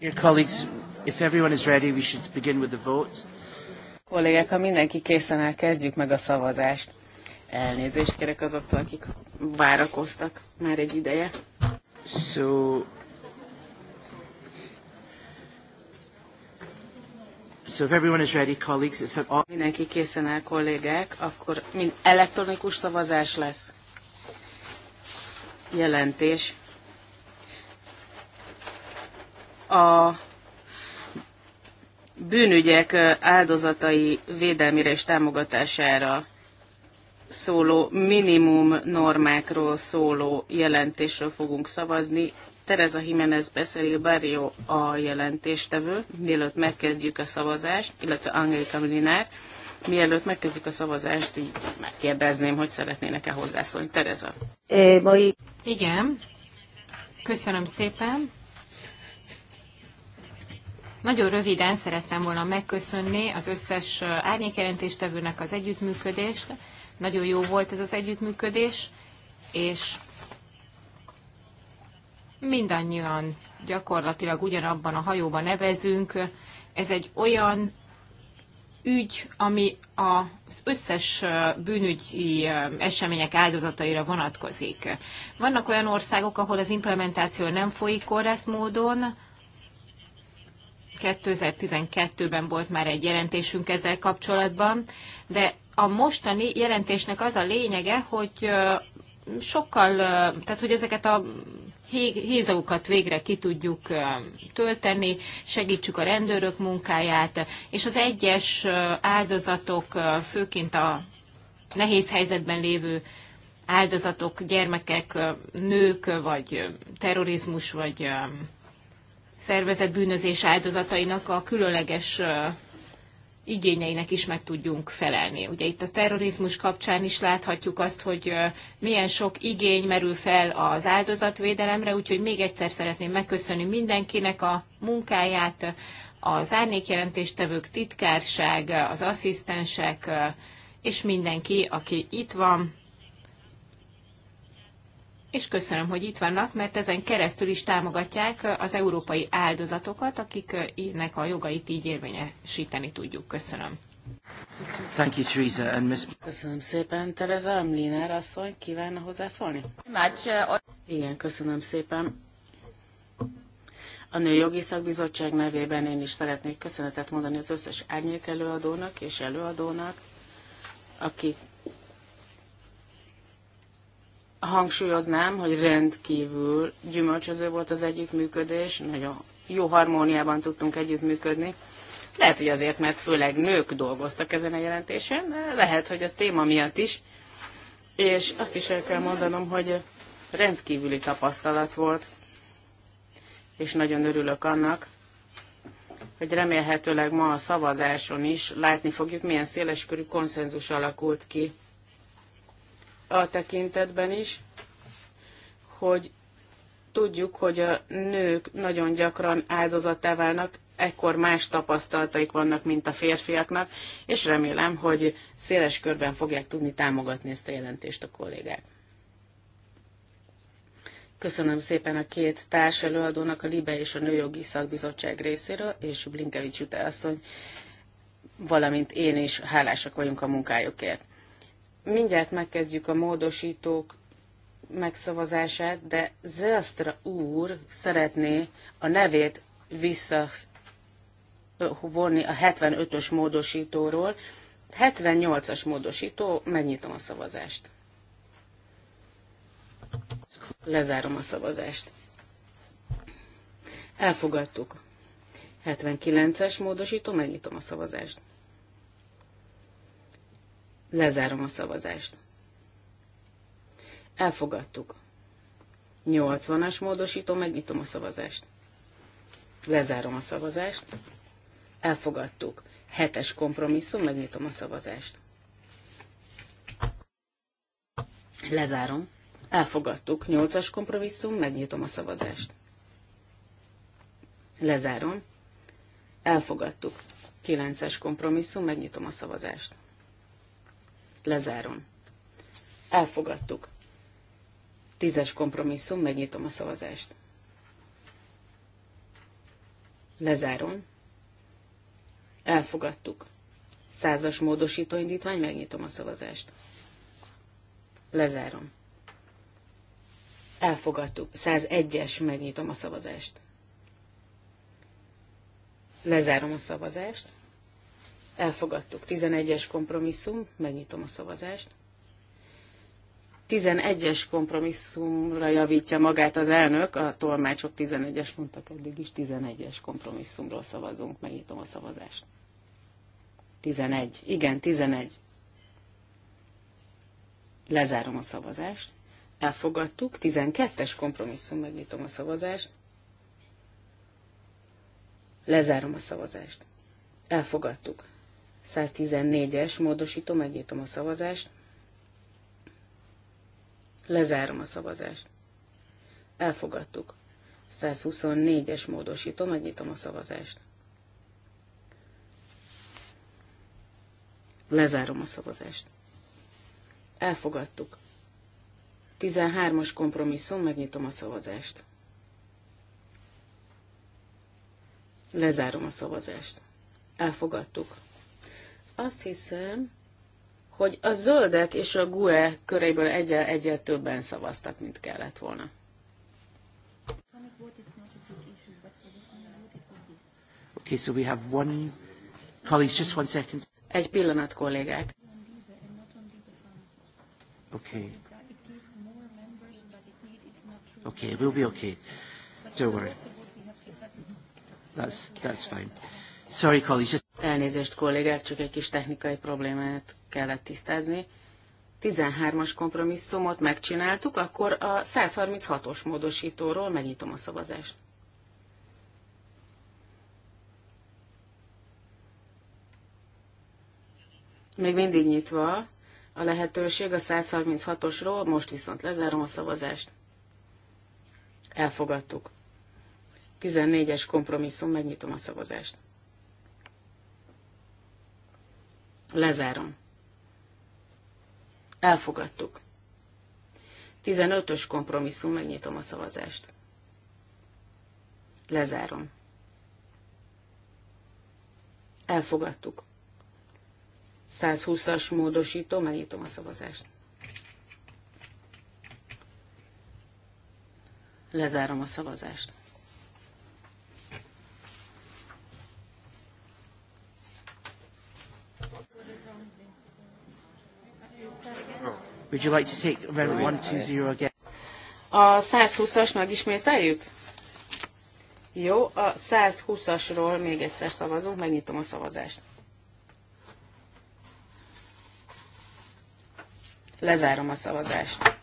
Your colleagues, if everyone is ready, we should begin with the votes. Kollégák, ha mindenki készen áll, kezdjük meg a szavazást. Elnézést kérek azoktól, akik várakoztak már egy ideje. So, So if everyone is ready, colleagues, it's all... Mindenki készen áll, kollégák, akkor mind elektronikus szavazás lesz. Jelentés a bűnügyek áldozatai védelmére és támogatására szóló minimum normákról szóló jelentésről fogunk szavazni. Tereza Jiménez Beszeril Barrio a jelentéstevő, mielőtt megkezdjük a szavazást, illetve Angelika Mlinár. Mielőtt megkezdjük a szavazást, így megkérdezném, hogy szeretnének-e hozzászólni. Tereza. É, eh, Igen. Köszönöm szépen. Nagyon röviden szerettem volna megköszönni az összes árnyékjelentéstevőnek az együttműködést. Nagyon jó volt ez az együttműködés, és mindannyian gyakorlatilag ugyanabban a hajóban nevezünk. Ez egy olyan ügy, ami az összes bűnügyi események áldozataira vonatkozik. Vannak olyan országok, ahol az implementáció nem folyik korrekt módon, 2012-ben volt már egy jelentésünk ezzel kapcsolatban, de a mostani jelentésnek az a lényege, hogy sokkal, tehát hogy ezeket a hézagokat végre ki tudjuk tölteni, segítsük a rendőrök munkáját, és az egyes áldozatok, főként a nehéz helyzetben lévő áldozatok, gyermekek, nők, vagy terrorizmus, vagy szervezett bűnözés áldozatainak a különleges igényeinek is meg tudjunk felelni. Ugye itt a terrorizmus kapcsán is láthatjuk azt, hogy milyen sok igény merül fel az áldozatvédelemre, úgyhogy még egyszer szeretném megköszönni mindenkinek a munkáját, az árnyékjelentéstevők titkárság, az asszisztensek, és mindenki, aki itt van, és köszönöm, hogy itt vannak, mert ezen keresztül is támogatják az európai áldozatokat, akiknek a jogait így érvényesíteni tudjuk. Köszönöm. Thank you, Teresa, and Miss... Köszönöm szépen, Tereza Mlinár asszony, kívánna hozzászólni? Uh, Igen, köszönöm szépen. A Nőjogi Szakbizottság nevében én is szeretnék köszönetet mondani az összes árnyék előadónak és előadónak, akik hangsúlyoznám, hogy rendkívül gyümölcsöző volt az együttműködés, nagyon jó harmóniában tudtunk együttműködni. Lehet, hogy azért, mert főleg nők dolgoztak ezen a jelentésen, lehet, hogy a téma miatt is. És azt is el kell mondanom, hogy rendkívüli tapasztalat volt, és nagyon örülök annak, hogy remélhetőleg ma a szavazáson is látni fogjuk, milyen széleskörű konszenzus alakult ki a tekintetben is, hogy tudjuk, hogy a nők nagyon gyakran áldozattá válnak, ekkor más tapasztalataik vannak, mint a férfiaknak, és remélem, hogy széles körben fogják tudni támogatni ezt a jelentést a kollégák. Köszönöm szépen a két társ előadónak, a LIBE és a Nőjogi Szakbizottság részéről, és Blinkevics Jute asszony, valamint én is hálásak vagyunk a munkájukért. Mindjárt megkezdjük a módosítók megszavazását, de Zelstra úr szeretné a nevét visszavonni a 75-ös módosítóról. 78-as módosító, megnyitom a szavazást. Lezárom a szavazást. Elfogadtuk. 79-es módosító, megnyitom a szavazást. Lezárom a szavazást. Elfogadtuk. 80-as módosító, megnyitom a szavazást. Lezárom a szavazást. Elfogadtuk. 7-es kompromisszum, megnyitom a szavazást. Lezárom. Elfogadtuk. 8-as kompromisszum, megnyitom a szavazást. Lezárom. Elfogadtuk. 9-es kompromisszum, megnyitom a szavazást. Lezárom. Elfogadtuk. Tízes kompromisszum, megnyitom a szavazást. Lezárom. Elfogadtuk. Százas módosító indítvány, megnyitom a szavazást. Lezárom. Elfogadtuk. 101-es, megnyitom a szavazást. Lezárom a szavazást. Elfogadtuk. 11-es kompromisszum. Megnyitom a szavazást. 11-es kompromisszumra javítja magát az elnök, a tolmácsok 11-es mondtak eddig is, 11-es kompromisszumról szavazunk, megnyitom a szavazást. 11, igen, 11. Lezárom a szavazást, elfogadtuk, 12-es kompromisszum, megnyitom a szavazást, lezárom a szavazást, elfogadtuk, 114-es módosítom, megnyitom a szavazást. Lezárom a szavazást. Elfogadtuk. 124-es módosító, megnyitom a szavazást. Lezárom a szavazást. Elfogadtuk. 13-as kompromisszum, megnyitom a szavazást. Lezárom a szavazást. Elfogadtuk azt hiszem, hogy a zöldek és a GUE köréből egyel, egyel többen szavaztak, mint kellett volna. Okay, so we have one... Colleagues, just one second. Egy pillanat, kollégák. Okay. Okay, we'll be okay. Don't worry. That's, that's fine. Sorry, colleagues, just... Elnézést, kollégák, csak egy kis technikai problémát kellett tisztázni. 13-as kompromisszumot megcsináltuk, akkor a 136-os módosítóról megnyitom a szavazást. Még mindig nyitva a lehetőség a 136-osról, most viszont lezárom a szavazást. Elfogadtuk. 14-es kompromisszum, megnyitom a szavazást. Lezárom. Elfogadtuk. 15-ös kompromisszum, megnyitom a szavazást. Lezárom. Elfogadtuk. 120-as módosító, megnyitom a szavazást. Lezárom a szavazást. Would you like to take amendment 120 again? A 120-as megismételjük? Jó, a 120-asról még egyszer szavazunk, megnyitom a szavazást. Lezárom a szavazást.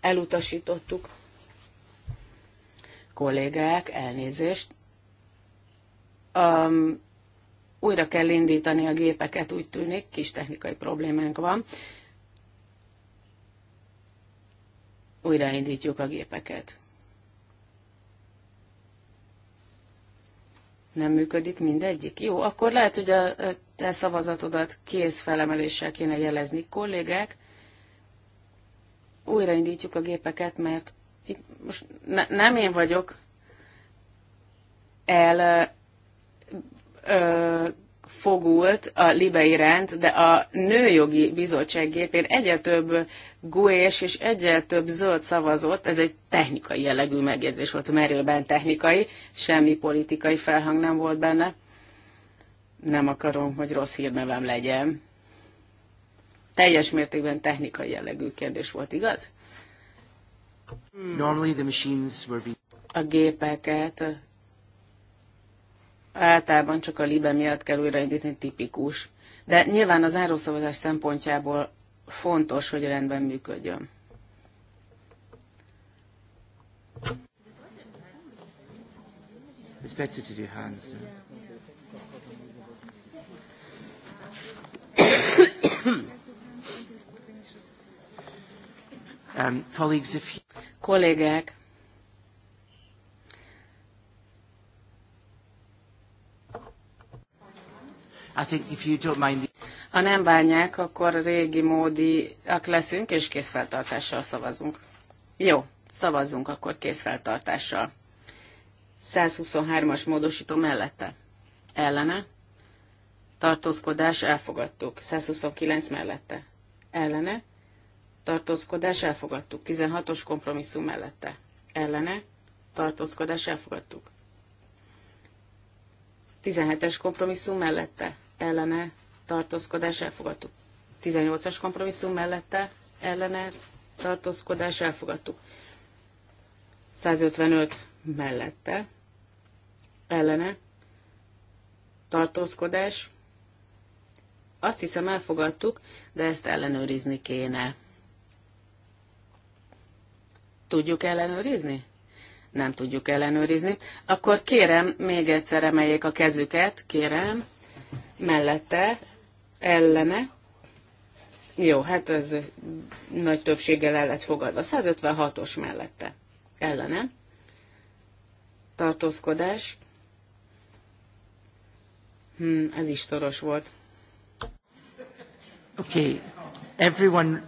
Elutasítottuk. Kollégák, elnézést. Um, újra kell indítani a gépeket, úgy tűnik, kis technikai problémánk van. Újraindítjuk a gépeket. Nem működik mindegyik? Jó, akkor lehet, hogy a te szavazatodat kész felemeléssel kéne jelezni. Kollégák, újraindítjuk a gépeket, mert itt most ne, nem én vagyok el ö, fogult a libei rend, de a Nőjogi Bizottság gépén egyre több gués és egyre több zöld szavazott, ez egy technikai jellegű megjegyzés volt, merőben technikai, semmi politikai felhang nem volt benne. Nem akarom, hogy rossz hírnevem legyen. Teljes mértékben technikai jellegű kérdés volt, igaz? A gépeket általában csak a libe miatt kell újraindítani, tipikus. De nyilván az árószavazás szempontjából fontos, hogy rendben működjön. It's better to do hands. um, colleagues, if you... Kollégák, Ha nem bánják, akkor régi módiak leszünk, és készfeltartással szavazunk. Jó, szavazzunk akkor készfeltartással. 123-as módosító mellette. Ellene. Tartózkodás elfogadtuk. 129 mellette. Ellene. Tartózkodás elfogadtuk. 16-os kompromisszum mellette. Ellene. Tartózkodás elfogadtuk. 17-es kompromisszum mellette ellene tartózkodás elfogadtuk. 18-as kompromisszum mellette ellene tartózkodás elfogadtuk. 155 mellette ellene tartózkodás. Azt hiszem elfogadtuk, de ezt ellenőrizni kéne. Tudjuk ellenőrizni? Nem tudjuk ellenőrizni. Akkor kérem, még egyszer emeljék a kezüket, kérem mellette, ellene, jó, hát ez nagy többséggel el lett fogadva. 156-os mellette, ellene, tartózkodás, hmm, ez is szoros volt. Okay, everyone,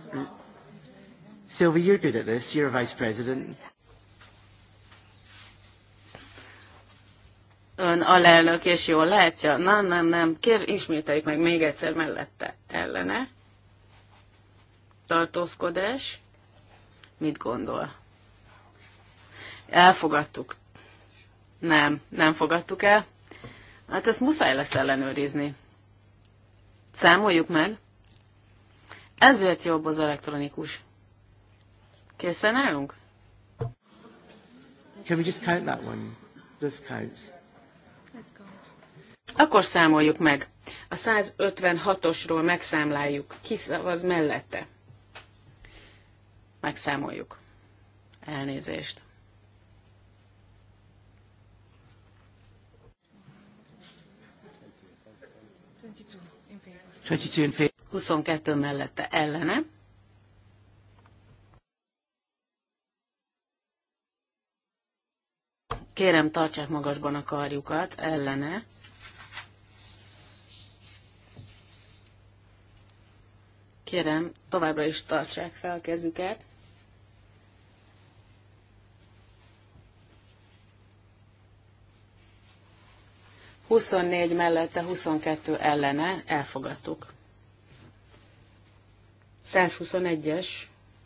Sylvie, you're good at this, you're a vice president. ön alelnök, és jól látja. Na, nem, nem, kér, ismételjük meg még egyszer mellette. Ellene. Tartózkodás. Mit gondol? Elfogadtuk. Nem, nem fogadtuk el. Hát ezt muszáj lesz ellenőrizni. Számoljuk meg. Ezért jobb az elektronikus. Készen állunk? Can we just count that one? This counts. Akkor számoljuk meg. A 156-osról megszámláljuk. Ki szavaz mellette? Megszámoljuk. Elnézést. Huszonkettő mellette ellene. Kérem, tartsák magasban a karjukat, ellene. Kérem, továbbra is tartsák fel a kezüket. Huszonnégy mellette, 22 ellene elfogadtuk. 121-es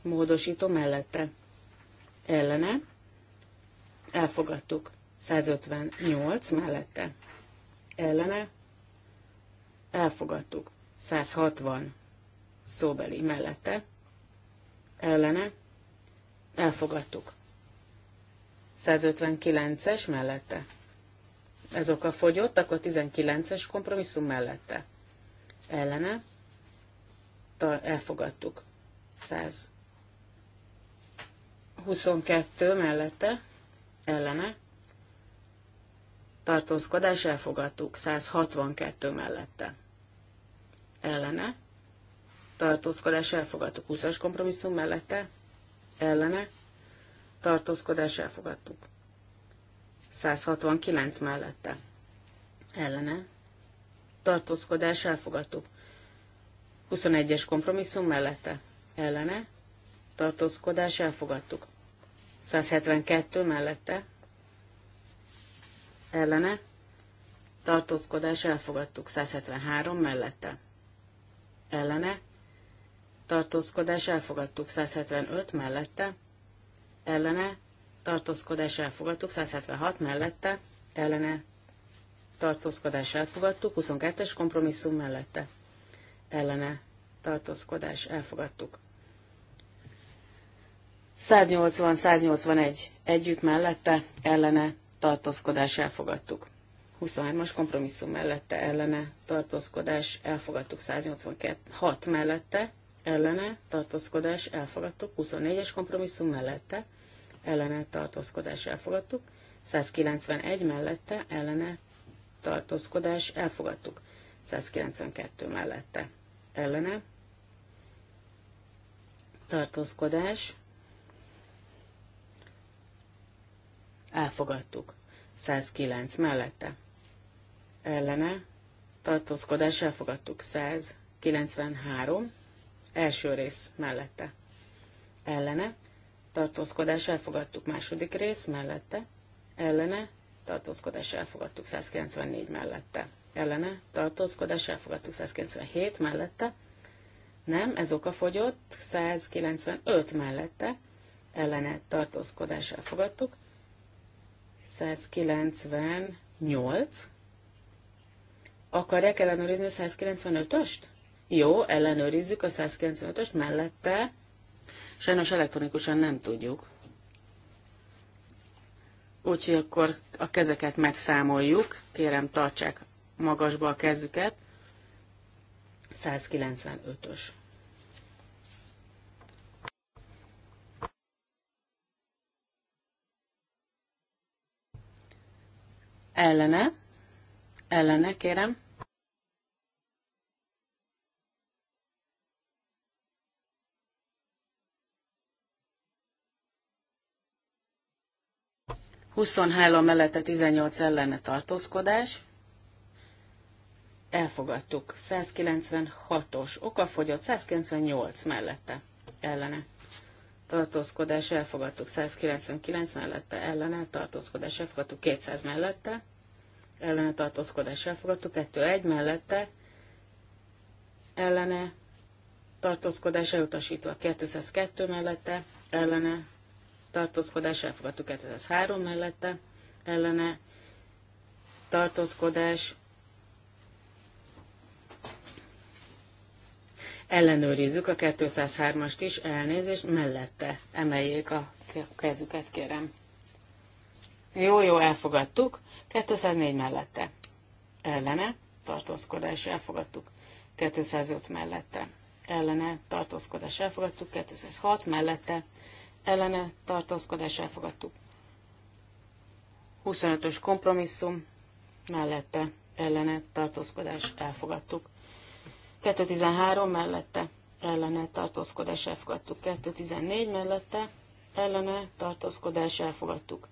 módosító mellette ellene elfogadtuk. 158 mellette ellene elfogadtuk. 160 szóbeli mellette, ellene, elfogadtuk. 159-es mellette. Ez oka fogyott, akkor 19-es kompromisszum mellette. Ellene, elfogadtuk. 122 mellette, ellene, tartózkodás elfogadtuk, 162 mellette. Ellene, tartózkodás elfogadtuk. 20-as kompromisszum mellette, ellene, tartózkodás elfogadtuk. 169 mellette, ellene, tartózkodás elfogadtuk. 21-es kompromisszum mellette, ellene, tartózkodás elfogadtuk. 172 mellette, ellene, tartózkodás elfogadtuk. 173 mellette, ellene, tartózkodás elfogadtuk 175 mellette, ellene, tartózkodás elfogadtuk 176 mellette, ellene, tartózkodás elfogadtuk 22-es kompromisszum mellette, ellene, tartózkodás elfogadtuk. 180-181 együtt mellette, ellene, tartózkodás elfogadtuk. 23-as kompromisszum mellette, ellene, tartózkodás elfogadtuk 186 mellette, ellene tartózkodás elfogadtuk, 24-es kompromisszum mellette ellene tartózkodás elfogadtuk, 191 mellette ellene tartózkodás elfogadtuk, 192 mellette ellene tartózkodás elfogadtuk, 109 mellette ellene tartózkodás elfogadtuk, 193 első rész mellette. Ellene, tartózkodás elfogadtuk második rész mellette. Ellene, tartózkodás elfogadtuk 194 mellette. Ellene, tartózkodás elfogadtuk 197 mellette. Nem, ez oka fogyott, 195 mellette. Ellene, tartózkodás elfogadtuk. 198. Akarják ellenőrizni a 195-öst? Jó, ellenőrizzük a 195-öst mellette. Sajnos elektronikusan nem tudjuk. Úgyhogy akkor a kezeket megszámoljuk. Kérem, tartsák magasba a kezüket. 195-ös. Ellene. Ellene, kérem. 23 mellette 18 ellene tartózkodás. Elfogadtuk. 196-os okafogyott, 198 mellette ellene tartózkodás, elfogadtuk. 199 mellette ellene tartózkodás, elfogadtuk. 200 mellette ellene tartózkodás, elfogadtuk. 2-1 mellette ellene tartózkodás, elutasítva. 202 mellette ellene tartózkodás, elfogadtuk 2003 mellette, ellene tartózkodás, ellenőrizzük a 203-ast is, elnézést, mellette emeljék a kezüket, kérem. Jó, jó, elfogadtuk. 204 mellette. Ellene, tartózkodás, elfogadtuk. 205 mellette. Ellene, tartózkodás, elfogadtuk. 206 mellette ellene tartózkodás elfogadtuk. 25-ös kompromisszum mellette ellene tartózkodás elfogadtuk. 213 mellette ellene tartózkodás elfogadtuk. 214 mellette ellene tartózkodás elfogadtuk.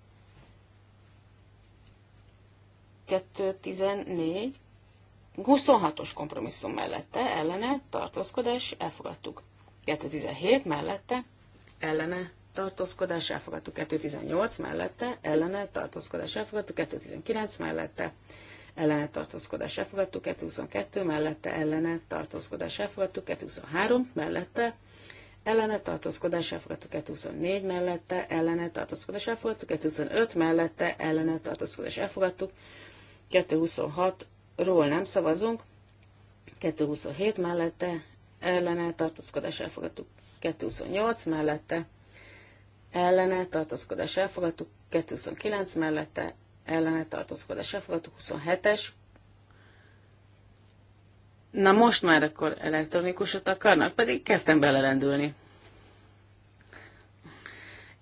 214 26-os kompromisszum mellette ellene tartózkodás elfogadtuk. 217 mellette ellene tartózkodás elfogadtuk 218 mellette, ellene tartózkodás elfogadtuk 219 mellette, ellene tartózkodás elfogadtuk 222 mellette, ellene tartózkodás elfogadtuk 223 mellette, ellene tartózkodás elfogadtuk 224 mellette, ellene tartózkodás elfogadtuk 225 mellette, ellene tartózkodás elfogadtuk 226-ról nem szavazunk, 227 mellette, ellene tartózkodás elfogadtuk 228 mellette, ellene tartózkodás elfogadtuk, 229 mellette ellene tartózkodás elfogadtuk, 27-es. Na most már akkor elektronikusot akarnak, pedig kezdtem belerendülni.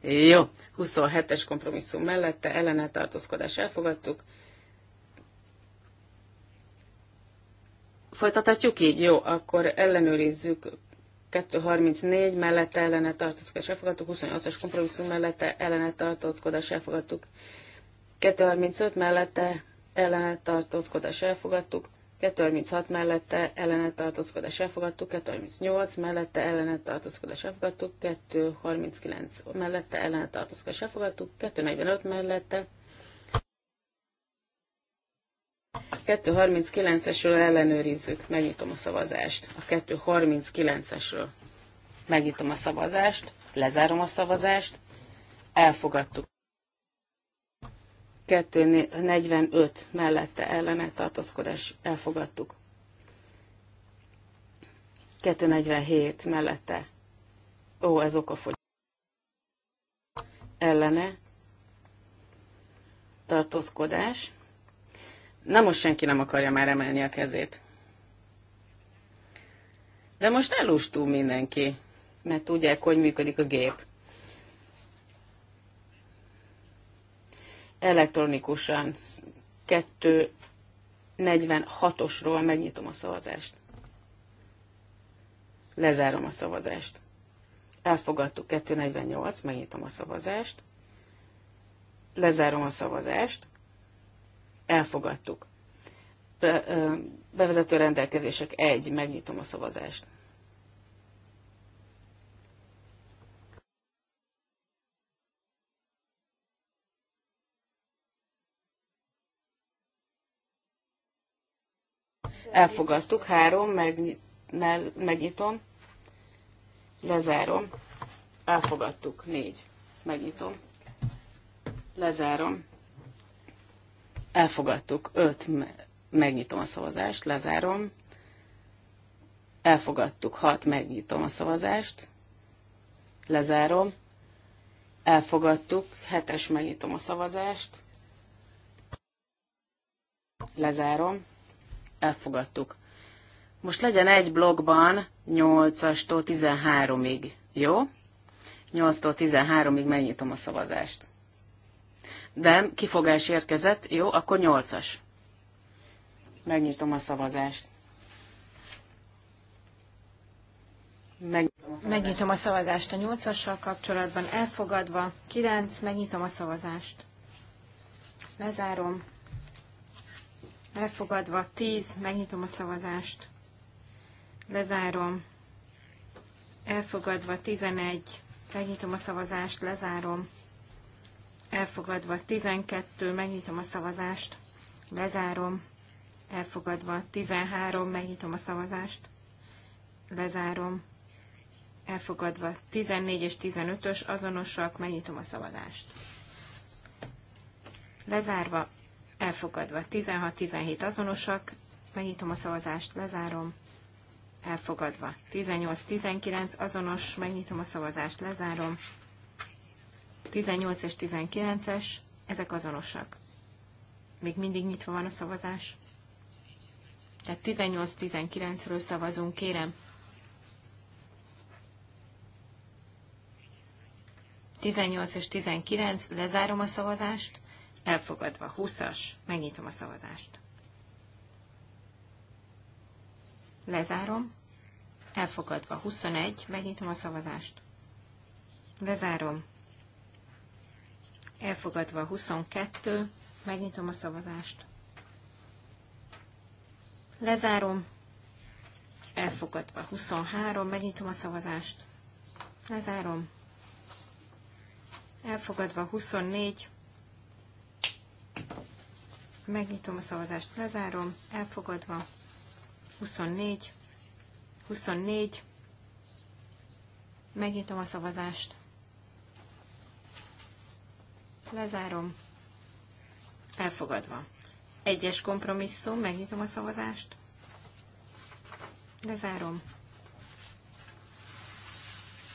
Jó, 27-es kompromisszum mellette ellene tartózkodás elfogadtuk. Folytathatjuk így? Jó, akkor ellenőrizzük 234 mellette ellene tartózkodás elfogadtuk, 28-as kompromisszum mellette ellene tartózkodás elfogadtuk, 235 mellette ellene tartózkodás elfogadtuk, 236 mellette ellene tartózkodás elfogadtuk, 238 mellette ellene tartózkodás elfogadtuk, 239 mellette ellene tartózkodás elfogadtuk, 245 mellette A 239-esről ellenőrizzük, megnyitom a szavazást. A 239-esről megnyitom a szavazást, lezárom a szavazást, elfogadtuk. 245 mellette ellene tartózkodás elfogadtuk. 247 mellette. Ó, ez okafogy. Ellene tartózkodás Na most senki nem akarja már emelni a kezét. De most elustul mindenki, mert tudják, hogy működik a gép. Elektronikusan 246-osról megnyitom a szavazást. Lezárom a szavazást. Elfogadtuk 248, megnyitom a szavazást. Lezárom a szavazást. Elfogadtuk. Be, bevezető rendelkezések egy, Megnyitom a szavazást. Elfogadtuk. Három, megnyitom. Lezárom. Elfogadtuk. Négy. Megnyitom. Lezárom. Elfogadtuk. öt, Megnyitom a szavazást, lezárom. Elfogadtuk. hat, Megnyitom a szavazást, lezárom. Elfogadtuk. hetes, megnyitom a szavazást. Lezárom. Elfogadtuk. Most legyen egy blogban 8 tól 13-ig, jó? 8-tól 13-ig megnyitom a szavazást. Nem, kifogás érkezett. Jó, akkor nyolcas. Megnyitom a szavazást. Megnyitom a szavazást, megnyitom a, szavazást a kapcsolatban, elfogadva, 9, megnyitom a szavazást. Lezárom. Elfogadva, 10, megnyitom a szavazást. Lezárom. Elfogadva, 11, megnyitom a szavazást, lezárom elfogadva 12, megnyitom a szavazást, lezárom, elfogadva 13, megnyitom a szavazást, lezárom, elfogadva 14 és 15-ös azonosak, megnyitom a szavazást. Lezárva, elfogadva 16-17 azonosak, megnyitom a szavazást, lezárom, elfogadva 18-19 azonos, megnyitom a szavazást, lezárom, 18 és 19-es, ezek azonosak. Még mindig nyitva van a szavazás. Tehát 18-19-ről szavazunk, kérem. 18 és 19, lezárom a szavazást, elfogadva 20-as, megnyitom a szavazást. Lezárom, elfogadva 21, megnyitom a szavazást. Lezárom, Elfogadva a 22. Megnyitom a szavazást. Lezárom. Elfogadva 23. Megnyitom a szavazást. Lezárom. Elfogadva 24. Megnyitom a szavazást. Lezárom. Elfogadva 24. 24. Megnyitom a szavazást. Lezárom. Elfogadva. Egyes kompromisszum, megnyitom a szavazást. Lezárom.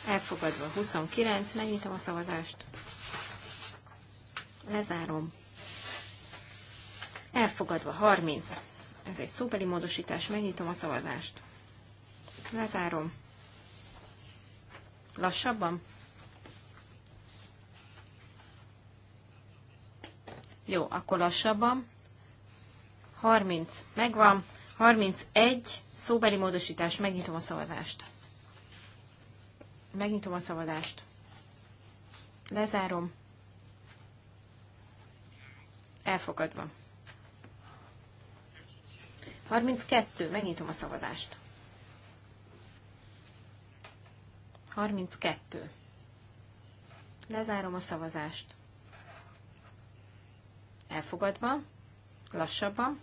Elfogadva. 29, megnyitom a szavazást. Lezárom. Elfogadva. 30. Ez egy szóbeli módosítás, megnyitom a szavazást. Lezárom. Lassabban? Jó, akkor lassabban. 30 megvan. 31 szóbeli módosítás. Megnyitom a szavazást. Megnyitom a szavazást. Lezárom. Elfogadva. 32. Megnyitom a szavazást. 32. Lezárom a szavazást elfogadva, lassabban.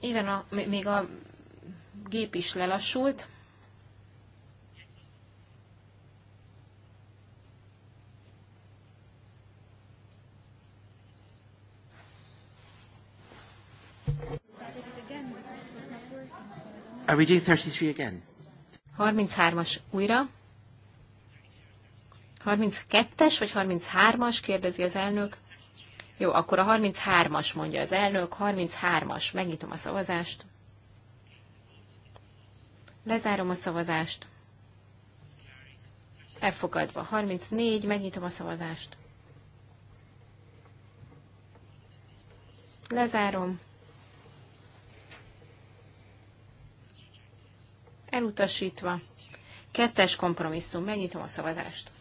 Éven a, még a gép is lelassult. Are we doing 33 again? 33-as újra. 32-es vagy 33-as, kérdezi az elnök. Jó, akkor a 33-as, mondja az elnök. 33-as, megnyitom a szavazást. Lezárom a szavazást. Elfogadva. 34, megnyitom a szavazást. Lezárom. Elutasítva. Kettes kompromisszum. Megnyitom a szavazást.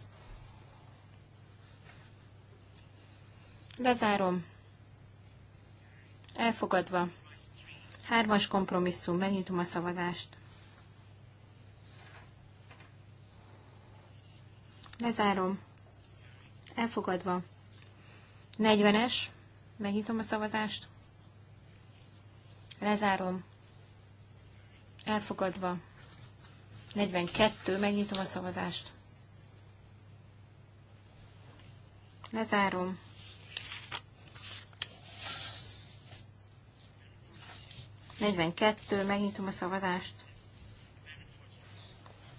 Lezárom. Elfogadva. Hármas kompromisszum. Megnyitom a szavazást. Lezárom. Elfogadva. 40-es. Megnyitom a szavazást. Lezárom. Elfogadva. 42. Megnyitom a szavazást. Lezárom. 42, megnyitom a szavazást.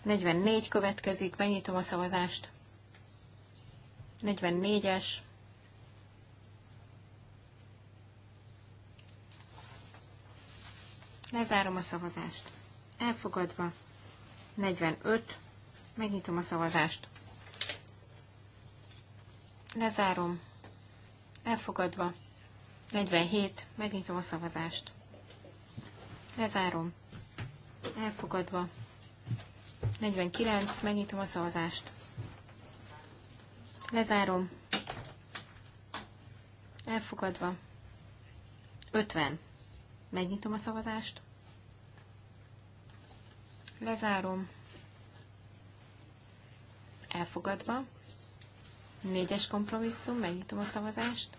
44 következik, megnyitom a szavazást. 44-es. Lezárom a szavazást. Elfogadva. 45. Megnyitom a szavazást. Lezárom. Elfogadva. 47. Megnyitom a szavazást. Lezárom. Elfogadva. 49. Megnyitom a szavazást. Lezárom. Elfogadva. 50. Megnyitom a szavazást. Lezárom. Elfogadva. Négyes kompromisszum, megnyitom a szavazást.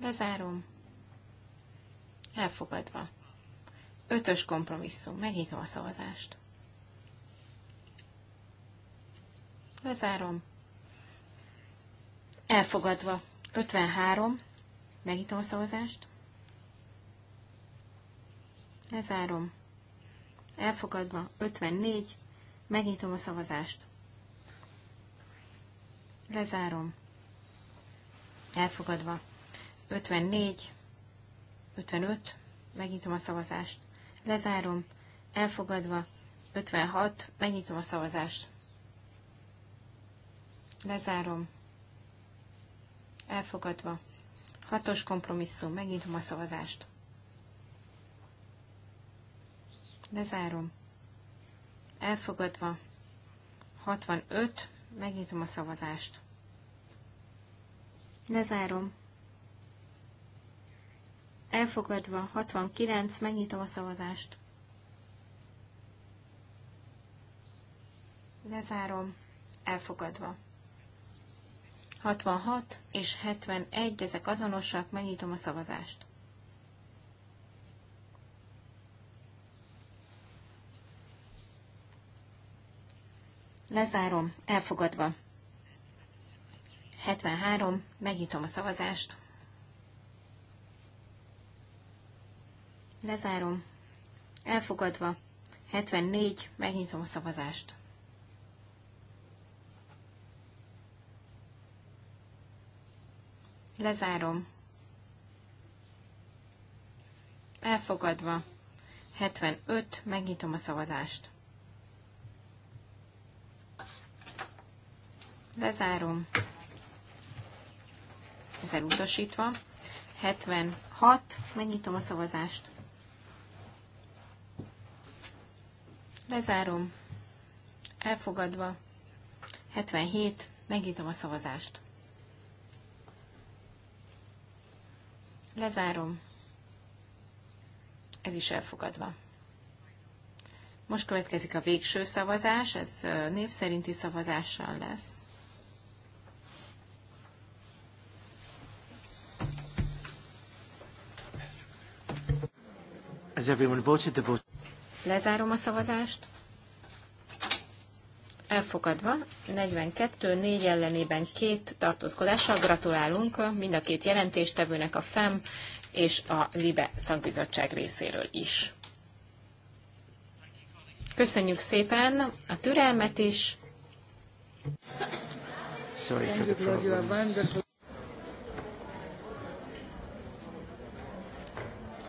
Lezárom. Elfogadva. Ötös kompromisszum. Megnyitom a szavazást. Lezárom. Elfogadva. 53. Megnyitom a szavazást. Lezárom. Elfogadva. 54. Megnyitom a szavazást. Lezárom. Elfogadva. 54. 55, megnyitom a szavazást, lezárom, elfogadva, 56, megnyitom a szavazást, lezárom, elfogadva, 6-os kompromisszum, megnyitom a szavazást, lezárom, elfogadva, 65, megnyitom a szavazást, lezárom, elfogadva 69, megnyitom a szavazást. Lezárom, elfogadva. 66 és 71, ezek azonosak, megnyitom a szavazást. Lezárom, elfogadva. 73, megnyitom a szavazást. Lezárom. Elfogadva. 74. Megnyitom a szavazást. Lezárom. Elfogadva. 75. Megnyitom a szavazást. Lezárom. Ezzel elutasítva. 76. Megnyitom a szavazást. Lezárom. Elfogadva. 77. Megnyitom a szavazást. Lezárom. Ez is elfogadva. Most következik a végső szavazás, ez név szerinti szavazással lesz. Has everyone voted the vote? Lezárom a szavazást. Elfogadva, 42, 4 ellenében két tartózkodással gratulálunk mind a két jelentéstevőnek a FEM és a ZIBE szakbizottság részéről is. Köszönjük szépen a türelmet is. Sorry for the